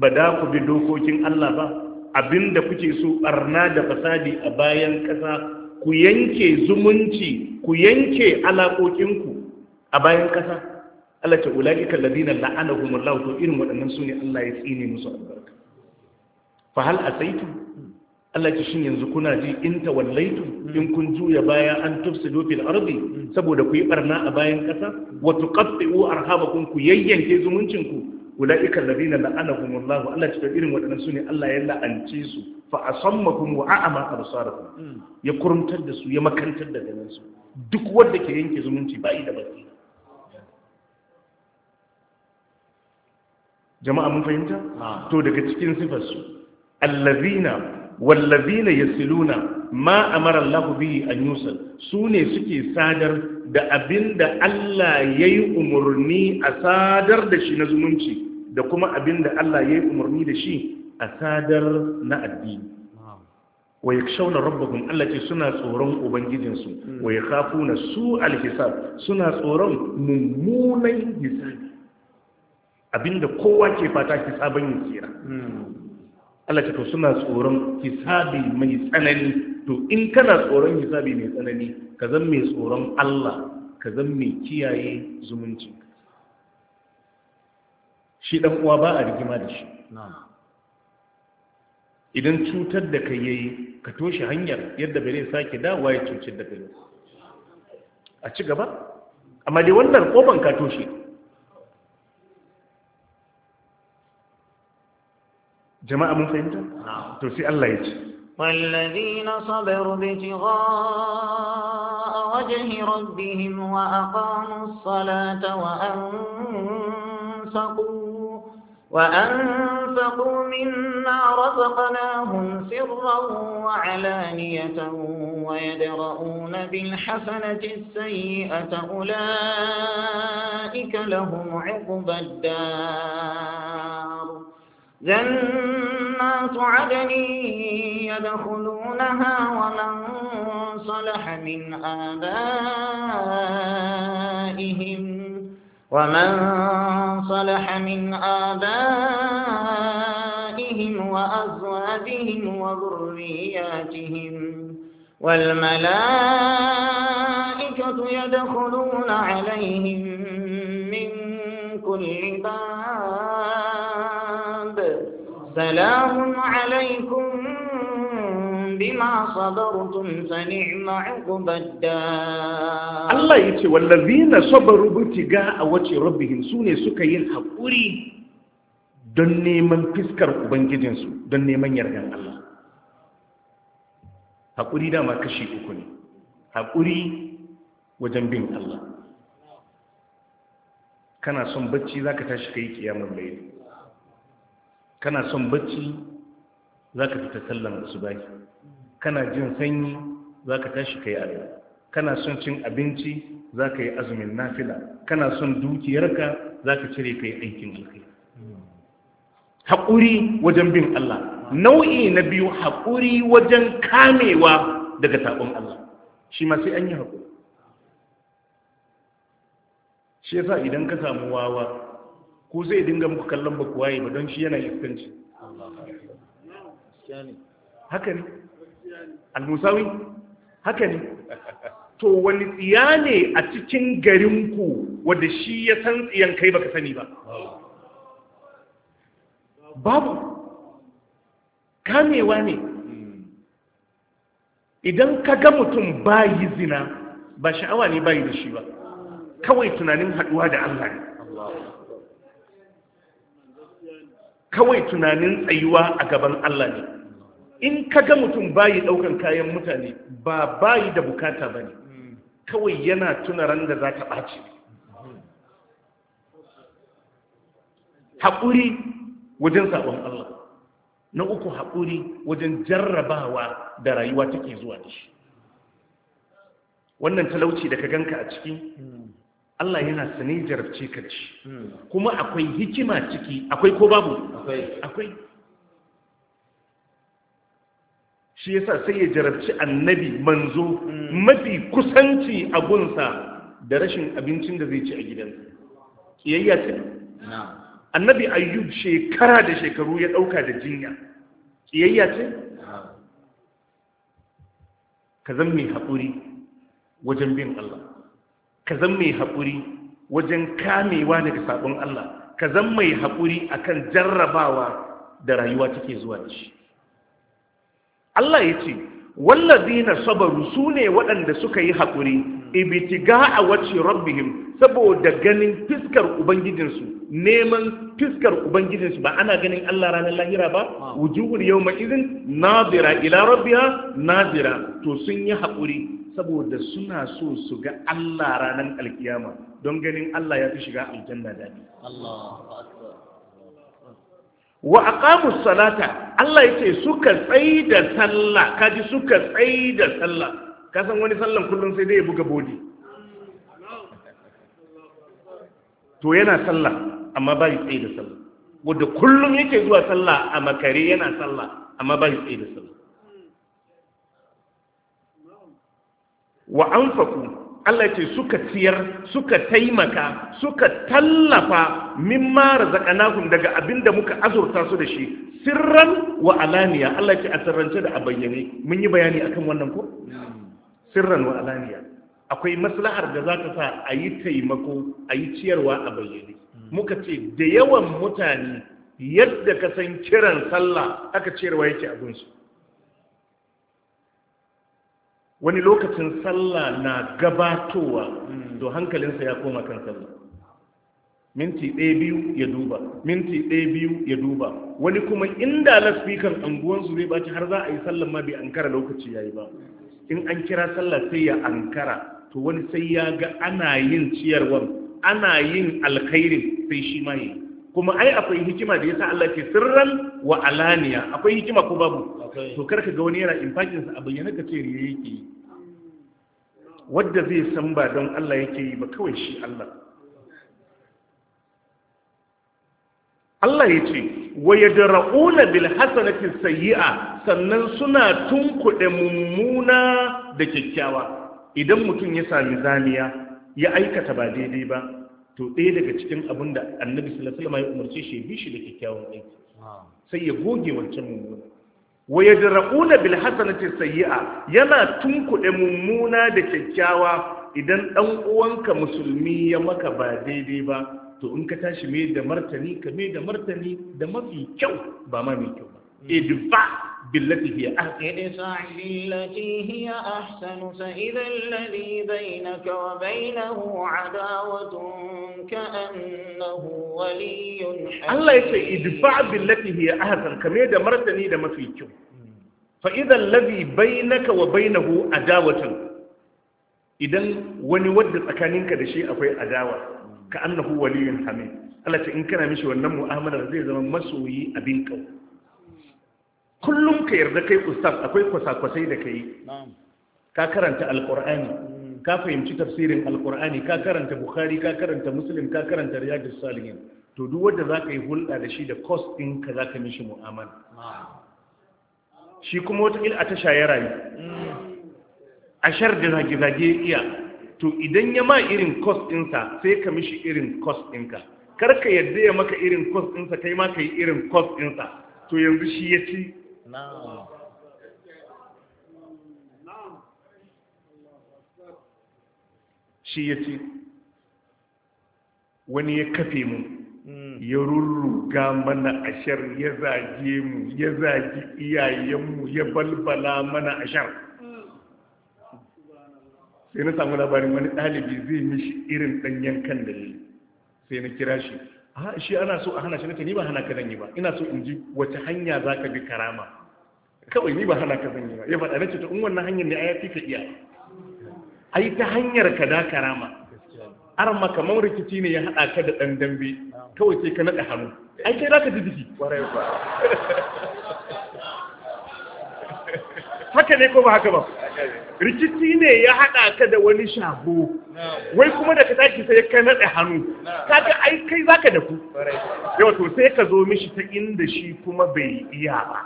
بداكو بدوكو كن ألا با, با Abin da kuke so barna da fasadi a bayan ƙasa ku yanke zumunci ku yanke alaƙoƙinku a bayan ƙasa Allah ce ula'ika ladina la'anahumullahu to irin waɗannan su ne Allah ya tsine musu albarka fa hal saitu, Allah ce shin yanzu kuna ji in ta wallaitu, in kun juya baya an tafsido fil ardi saboda ku yi barna a bayan ƙasa wa tuqatti'u arhamakum ku yayyanke zumuncinku ulaika alladhina la'anahum Allah Allah ta irin waɗannan sune Allah ya la'anci su fa asammakum wa a'ama absarakum hmm. ya kurumtar da su ya makantar da ganin su duk wanda ke yanke zumunci bai da baki jama'a mun fahimta ah. to daga cikin sifar su allazina wallazina yasiluna ma amara Allah bihi an yusal sune suke sadar da abin da Allah ya yi umarni a sadar da shi na zumunci da kuma abin da Allah ya yi umarni da shi a sadar na addini wa shauna rabbahum Allah ce suna tsoron ubangijinsu wa ya kafu na su alhisab suna tsoron mummunan hisabi abinda kowa ke fata yin tsira. Hmm. Allah ce to suna tsoron hisabi mai tsanani to in kana tsoron hisabi mai tsanani ka zan mai tsoron Allah ka zan mai kiyaye zumunci shi dan uwa ba a rigima da shi idan cutar da kai yayi ka toshe hanyar yadda bare sake da ya cutar da kai a ci gaba amma dai wannan kofan ka toshe jama'a mun fahimta to sai Allah ya ce والذين صبروا ابتغاء وجه ربهم وأقاموا الصلاة وأنفقوا وأنفقوا مما رزقناهم سرا وعلانية ويدرؤون بالحسنة السيئة أولئك لهم عقبى الدار جنة جنات عدن يدخلونها ومن صلح من آبائهم ومن صلح من آبائهم وأزواجهم وذرياتهم والملائكة يدخلون عليهم من كل باب سلام عليكم بما صبرتم فنعم عقب الدار الله يتي والذين صبروا ابتغاء وجه ربهم سوني سكين حقوري don neman fiskar ubangijinsu don neman yargan Allah haƙuri dama kashi uku ne haƙuri wajen bin Allah kana son bacci za ka tashi ka yi ƙiyamun laili kana son bacci za ka fita sallan asubahi kana jin sanyi za ka tashi ka yi kana son cin abinci za ka yi azumin nafila kana son dukiyarka za ka cire ka aikin alkai haƙuri wajen bin Allah nau'i na biyu haƙuri wajen kamewa daga taɓon Allah shi ma sai an yi haƙuri shi yasa idan ka samu wawa ku zai dinga muku kallon ba kuwaye ba don shi yana iskanci haka ne almusawi haka ne to wani tsiya ne a cikin garinku wadda shi ya san tsiyan kai baka sani ba babu kamewa ne idan ka ga mutum bayi zina ba sha'awa ne bayi da shi ba kawai tunanin haɗuwa da Allah ne kawai tunanin tsayuwa a gaban Allah ne in ka ga mutum bayi ɗaukan kayan mutane ba bayi da bukata ba ne kawai yana tuna ran da za ta ɓace. haƙuri wajen sabon Allah na uku haƙuri wajen jarrabawa da rayuwa take zuwa da shi wannan talauci da ka ganka a ciki Allah yana sani jarabci ka ci hmm. kuma akwai hikima ciki akwai ko babu akwai shi yasa sai ya jarabci annabi manzo hmm. mafi kusanci abunsa da rashin abincin da zai ci a gidansa kiyayya ce annabi ayyub shekara da shekaru ya dauka da jinya kiyayya ce ka zan mai haƙuri wajen bin Allah ka zan mai haƙuri wajen kamewa daga sabon Allah ka zan mai haƙuri akan jarrabawa da rayuwa take zuwa da shi Allah ya ce wallazina sabaru sune waɗanda suka yi haƙuri a wacce rabbihim saboda ganin fiskar ubangijinsu neman fiskar ubangijinsu ba ana ganin Allah ranar lahira ba wujuhul yawma idhin nazira ila rabbiha nazira to sun yi haƙuri saboda suna so su ga Allah ranar alkiyama don ganin Allah ya fi shiga aljanna daɗi. Wa aqamu salata Allah yace suka tsayi da sallah kaji suka tsayi da sallah ka san wani sallan kullum sai dai ya buga bodi to yana sallah amma ba ya tsayi da sallah wanda kullum yake zuwa sallah a makare yana sallah amma ba ya tsayi da sallah wa anfaku Allah ce suka ciyar suka taimaka suka tallafa mimma razaqnahum daga abinda muka azurta su da shi sirran wa alaniya Allah ce a sirrance da a bayyane mun yi bayani akan wannan ko sirran wa alaniya akwai maslahar da zaka sa a yi taimako a yi ciyarwa a bayyane muka ce da yawan mutane yadda ka san kiran sallah aka ciyarwa yake su. wani lokacin sallah na gabatowa to hankalinsa ya koma kan sallah minti ɗaya biyu ya duba minti ɗaya biyu ya duba wani kuma inda laspikan anguwansu zai baci har za a yi sallan ma bai ankara lokaci ya yi ba in an kira sallah sai ya ankara to wani sai ya ga ana yin ciyarwan ana yin alkhairin sai shi ma yi kuma ai akwai hikima da yasa Allah ke sirran wa alaniya akwai hikima ko babu to karka ga wani yana infakin sa abin yana ka ce riya yake yi wadda zai san ba don Allah yake yi ba kawai shi Allah Allah ya ce wa Ra'una bil hasanati sayyi'a sannan suna tunkuɗe mummuna da kyakkyawa idan mutum ya sami zaniya ya aikata ba daidai ba to ɗaya daga cikin abin annabi sallallahu alaihi wasallam ya umarce shi bi shi da kyakkyawan aiki sai ya goge wancan mummuna wa yadra'una bil hasanati sayyi'a yana tunkuɗe mummuna da kyakkyawa idan dan uwanka musulmi ya maka ba daidai ba to in ka tashi mai da martani ka mai da martani da mafi kyau ba ma mai kyau ba idfa بالتي هي أحسن ادفع بالتي هي أحسن فإذا الذي بينك وبينه عداوة كأنه ولي حميم الله يسي ادفع بالتي هي أحسن كما يدى مرتني لما في كم فإذا الذي بينك وبينه عداوة idan wani wadda tsakaninka da shi akwai adawa ka annahu waliyun hamid Allah ce in kana mishi wannan mu'amalar zai zama masoyi abin kawo kullum ka yarda kai ustaz akwai kwasa-kwasai da kai ka karanta alkur'ani ka fahimci tafsirin alkur'ani ka karanta bukhari ka karanta muslim ka karanta riyadus salihin to duk wanda zaka yi hulɗa da shi da cost din ka zaka mishi mu'amala shi kuma wata il a tasha ya rayu a shar da zage-zage iya to idan ya ma irin cost ɗinsa sai ka mishi irin cost ɗinka ka yadda ya maka irin cost ɗinsa kai ma ka yi irin cost ɗinsa to yanzu shi ya ci na'am shi ya ce wani ya kafe mu hmm. ya rurruga mana ashar ya zage mu ya zage iyayenmu ya balbala mana ashar sai na samu labarin wani ɗalibi zai mishi irin ɗanyen kan da sai na kira shi shi ana so a hana shi nake ni ba hana ka zanyi ba ina so in ji wace hanya za ka bi karama kawai ni ba hana ka zanyi ba ya faɗa na ta in wannan hanyar ne a ya fi ka iya yi ta hanyar ka da karama ar makaman rikici ne ya haɗa ka da ɗan dambe kawai sai ka naɗa hannu ai kai za ka ji jiki haka ne ko ba haka ba rikici ne ya haɗa ka da wani shago wai kuma da ka tashi sai ka naɗe hannu kaga ai kai zaka da ku yau to sai ka zo mishi ta inda shi kuma bai iya ba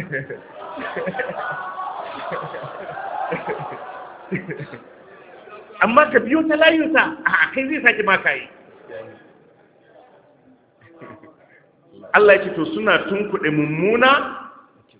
amma ka biyo ta layuta a kai zai sake maka yi Allah ya ce to suna tunkuɗe mummuna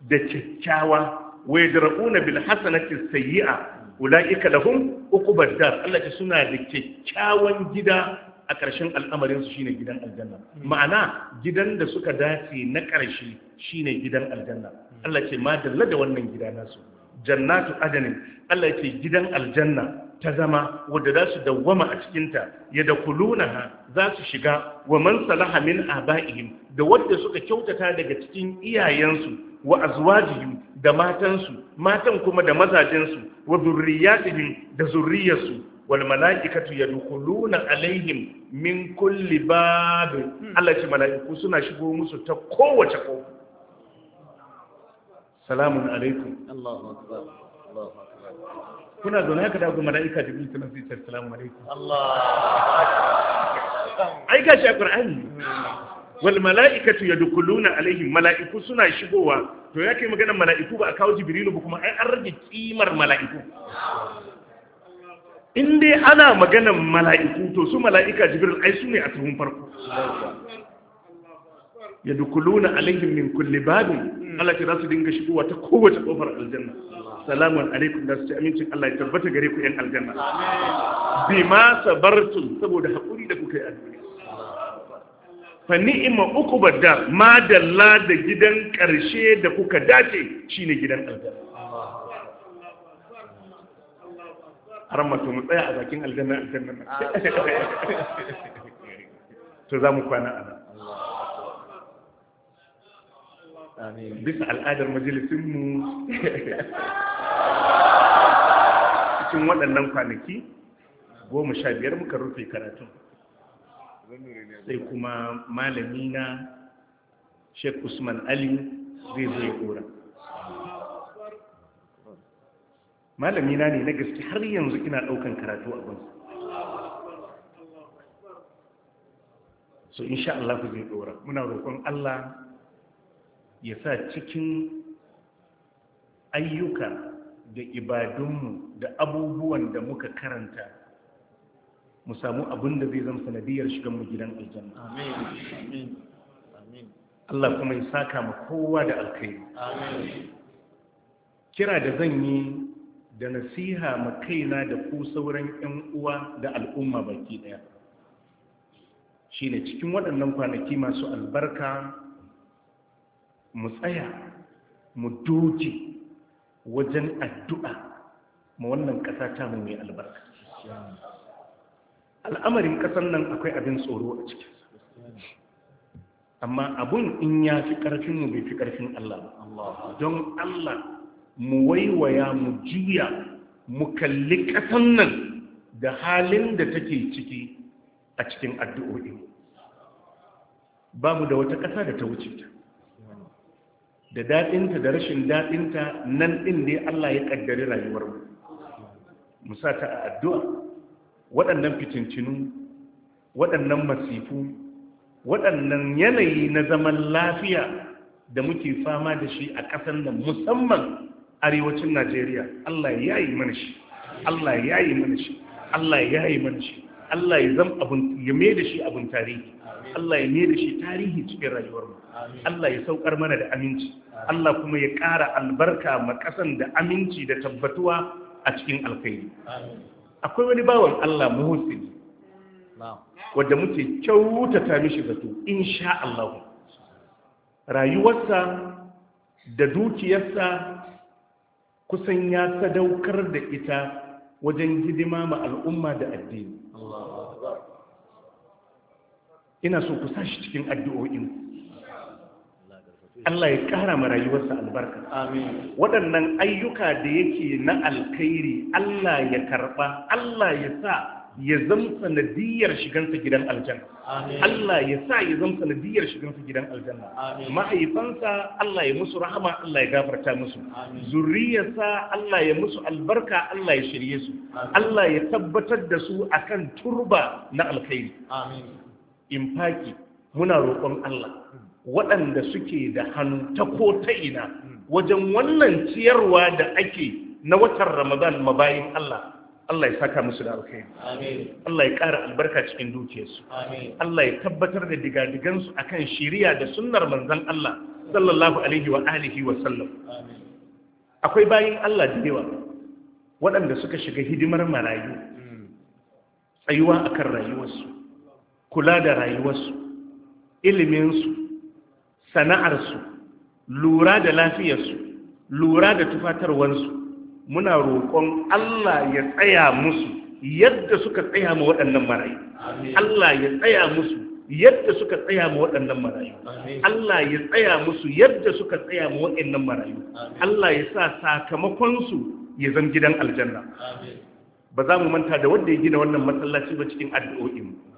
da kyakkyawa wa yadra'una bil hasanati sayyi'a ulaika lahum uqubad dar Allah ce suna da kyakkyawan gida a ƙarshen al'amarin su shine gidan aljanna ma'ana gidan da suka dace na ƙarshe shine gidan aljanna Allah ce ma dalla da wannan gida nasu jannatu adanin Allah ce gidan aljanna ta zama wadda za su dawwama a cikinta ya da kulunaha za su shiga wa man salaha min aba'ihim da wadda suka kyautata daga cikin iyayensu wa azwajihim da matansu matan kuma da mazajensu wa zurriyatihim da zurriyarsu wal mala'ikatu yadkhuluna alaihim min kulli bab hmm. Allah ce mala'iku suna shigo musu ta kowace kofa salamun alaikum kuna zaune haka dago mala'ika jibril kuma sai ce assalamu alaikum Allah ai gashi a Qur'ani wal mala'ikatu yadkhuluna alaihim mala'iku suna shigowa to yake magana mala'iku ba a kawo jibrilu ba kuma ai an rage kimar mala'iku in dai ana magana mala'iku to su mala'ika jibril ai su ne a tuhun farko yadkhuluna alaihim min kulli babin hmm. Allah ta su dinga shigowa ta kowace kofar aljanna salamun alaikum da su ci amincin Allah ya tabbata gare ku yan aljanna bi ma sabartun saboda hakuri da kuka yi a duniya fa ni'ima uku badda ma dalla da gidan ƙarshe da kuka dace shine gidan aljanna har mato mu tsaya a bakin aljanna aljanna to za mu kwana a nan bisa al'adar majalisinmu cikin waɗannan kwanaki goma sha biyar muka rufe karatun sai kuma malami na sheikh usman ali zai zo ya kora malami na ne na gaske har yanzu ina ɗaukan karatu a gunsa so insha Allah zai dora muna roƙon Allah ya sa cikin ayyuka da ibadunmu da abubuwan da muka karanta mu samu abin da zai zama sanadiyar mu gidan aljanna Allah kuma ya saka ma kowa da alkhairi kira da zan yi da nasiha ma kaina da ku sauran 'yan uwa da al'umma baki daya shine cikin waɗannan kwanaki masu albarka mu tsaya mu doje wajen addu'a ma wannan ƙasa ta mu mai albarka al'amarin ƙasar nan akwai abin tsoro a cikin amma abun in ya fi ƙarfin mu bai fi ƙarfin Allah ba don Allah mu waiwaya mu juya mu kalli ƙasan nan da halin da take ciki a cikin addu'o'i ba mu da wata ƙasa da ta wuce ta da daɗinta da rashin daɗinta nan ɗin ne Allah ya ƙaddari rayuwarmu. mu musa ta addu'a waɗannan fitincinu waɗannan masifu waɗannan yanayi na zaman lafiya da muke fama da shi a ƙasar nan musamman arewacin Najeriya Allah ya yi mana shi Allah ya yi mana shi Allah ya yi mana shi Allah ya zama abin ya mai da shi abin tarihi Allah ya ne da shi tarihi cikin rayuwarmu Allah ya saukar mana da aminci Allah kuma ya ƙara albarka ma ƙasan da aminci da tabbatuwa a cikin alkhairi akwai wani bawan Allah muhusini wadda muke kyautata mishi zato insha Allah rayuwarsa da dukiyarsa kusan ya sadaukar da ita wajen hidima ma al'umma da addini ina so ku sashi cikin addu'o'in Allah ya ƙara ma rayuwarsa albarka waɗannan ayyuka da yake na alkhairi Allah ya karɓa Allah ya sa ya zama sanadiyar shigansa gidan aljanna Allah ya sa ya zama sanadiyar shigansa gidan aljanna mahaifansa Allah ya musu rahama Allah ya gafarta musu zuriyarsa Allah ya musu albarka Allah ya shirye su Allah ya tabbatar da su akan turba na alkhairi amin infaki muna roƙon Allah waɗanda suke da hannu ta ko ta ina wajen wannan ciyarwa da ake na watan Ramadan mabayin Allah Allah ya saka musu da alkhairi Allah ya ƙara albarka cikin dukiyarsu Allah ya tabbatar da digadigansu akan shiriya da sunnar manzon Allah sallallahu alaihi wa alihi wa sallam akwai bayin Allah da yawa waɗanda suka shiga hidimar marayu hmm. tsayuwa akan rayuwarsu kula da rayuwarsu iliminsu sana'arsu lura da lafiyarsu lura da tufatarwarsu muna roƙon Allah ya tsaya musu yadda suka tsaya ma waɗannan marayu Allah ya tsaya musu yadda suka tsaya ma waɗannan marayu Allah ya tsaya musu yadda suka tsaya ma waɗannan marayu Allah ya sa sakamakonsu ya zan gidan aljanna ba za mu manta da wanda ya gina wannan masallaci ba cikin addu'o'in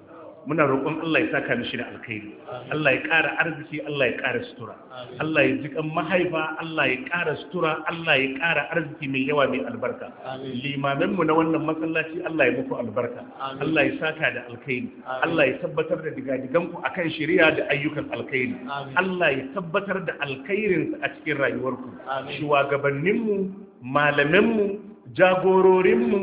muna roƙon Allah ya saka mishi da alkhairi Allah ya ƙara arziki Allah ya ƙara sutura Allah ya jikan mahaifa Allah ya ƙara sutura Allah ya ƙara arziki mai yawa mai albarka limamin mu na wannan masallaci Allah ya muku albarka Allah ya saka da alkhairi Allah ya tabbatar da digadigan ku akan shari'a da ayyukan alkhairi Allah ya tabbatar da alkhairin a cikin rayuwarku shuwagabannin mu malamin mu jagororin mu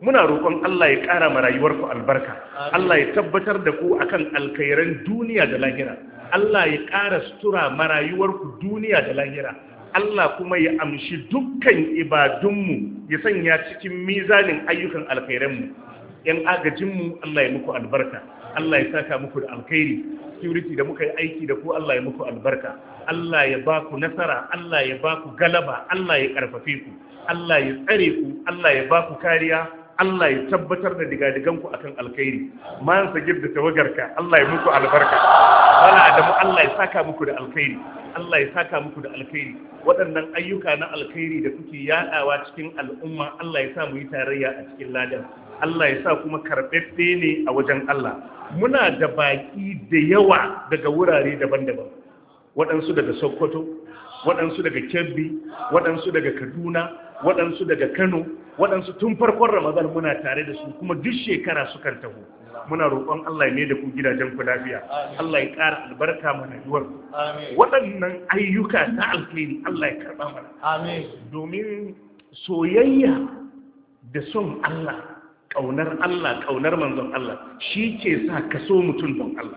muna roƙon Allah ya ƙara ma rayuwarku albarka Allah ya tabbatar da ku akan alkhairan duniya da lahira Allah ya ƙara sutura ma rayuwarku duniya da lahira Allah kuma ya amshi dukkan ibadunmu ya sanya cikin mizanin ayyukan alkhairanmu yan agajinmu Allah ya muku albarka Allah ya saka muku da alkhairi security da muka yi aiki da ku Allah ya muku albarka Allah ya ba ku nasara Allah ya ba ku galaba Allah ya ƙarfafe ku Allah ya tsare ku Allah ya ba ku kariya Allah ya tabbatar da digadiganku a kan alkhairi man sagir da tawagarka Allah ya muku albarka Bala adamu Allah ya saka muku da alkhairi Allah ya saka muku da alkhairi waɗannan ayyuka na alkhairi da kuke yaɗawa cikin al'umma Allah ya sa mu yi tarayya a cikin ladan Allah ya sa kuma karɓaɓɓe ne a wajen Allah muna da baƙi da yawa daga wurare daban-daban waɗansu daga Sokoto waɗansu daga Kebbi waɗansu daga Kaduna waɗansu daga Kano waɗansu tun farkon ramadan muna tare da su kuma duk shekara sukan taho muna roƙon Allah ne da ku gidajen ku lafiya Allah ya ƙara albarka mana rayuwar waɗannan ayyuka ta alkhairi Allah ya karɓa mana domin soyayya da son Allah ƙaunar Allah ƙaunar manzon Allah shi ke sa ka mutum don Allah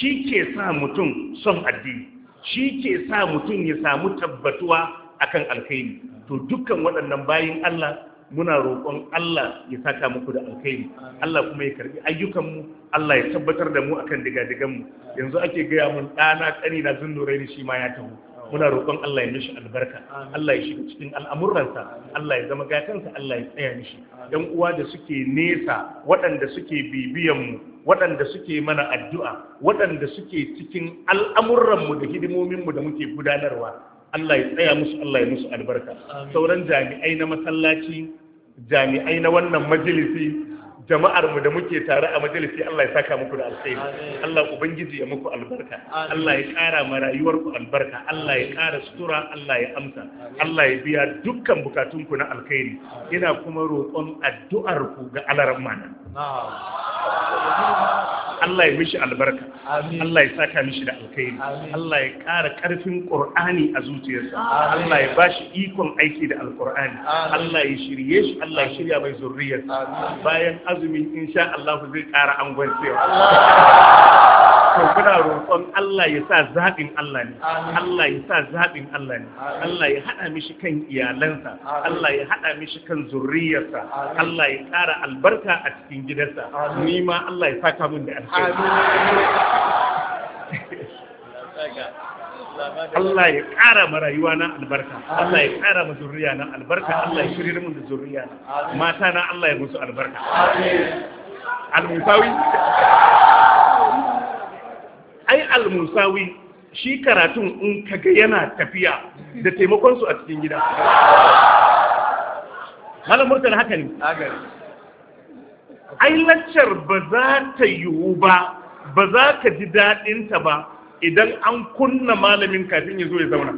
shi ke sa mutum son addini shi ke sa mutum ya samu tabbatuwa akan alkhairi to dukkan waɗannan bayin Allah muna roƙon Allah ya saka muku da alkhairi Allah kuma ya karbi ayyukanmu Allah ya tabbatar da mu akan digadiganmu yanzu ake gaya mun ɗana ƙani na ni shi ma ya taho muna roƙon Allah ya mishi albarka Allah ya shiga cikin al'amuransa Allah ya zama gatansa Allah ya tsaya mishi ɗan uwa da suke nesa waɗanda suke bibiyanmu waɗanda suke mana addu'a waɗanda suke cikin al'amuranmu da hidimominmu da muke gudanarwa Allah ya tsaya musu Allah ya musu albarka sauran jami'ai na masallaci jami'ai na wannan majalisi jama'ar mu da muke tare a majalisi Allah ya saka muku da alkhairi Allah ubangiji ya muku albarka Allah ya kara ma rayuwar ku albarka Allah ya kara sutura Allah ya amsa Allah ya biya dukkan bukatun ku na alkhairi ina kuma roƙon addu'ar ku ga alaran mana Allah ya mishi albarka Allah ya saka mishi da alkhairi Allah ya ƙara ƙarfin ƙur'ani a zuciyarsa Allah ya bashi ikon aiki da alkur'ani Allah ya shirye shi Allah ya shirya mai zurriyarsa bayan azumin insha Allah zai ƙara angwancewa to kuna roƙon Allah ya sa zaɓin Allah ne Allah ya sa zaɓin Allah ne Allah ya haɗa mishi kan iyalansa Allah ya haɗa mishi kan zuriyarsa Allah ya ƙara albarka a cikin gidansa ni ma Allah ya saka min da alheri Allah ya ƙara ma rayuwa na albarka, Allah ya ƙara ma zurriya na albarka, Allah ya shirya mun da zurriya na mata na Allah ya musu albarka. Al-Musawi? ai almusawi, shi karatun in kaga yana tafiya da taimakon su a cikin gida malam murtala haka ne ai laccar ba za ta yiwu ba ba za ka ji daɗinta ba idan an kunna malamin kafin ya zo ya zauna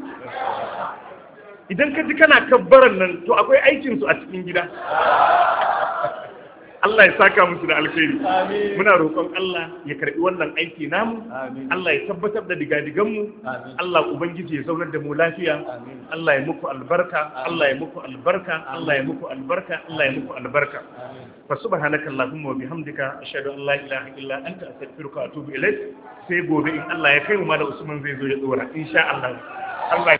idan ka ji kana kabbaran nan to akwai aikinsu a cikin gida Allah ya saka musu da alkhairi muna roƙon Allah ya karbi wannan aiki namu Allah ya tabbatar da digadigan mu Allah ubangiji ya zaunar da mu lafiya Allah ya muku albarka Allah ya muku albarka Allah ya muku albarka Allah ya muku albarka fa subhanaka allahumma wa bihamdika ashhadu an la ilaha illa anta astaghfiruka wa atubu ilaik sai gobe in Allah ya kai mu da Usman zai zo ya dora insha Allah Allah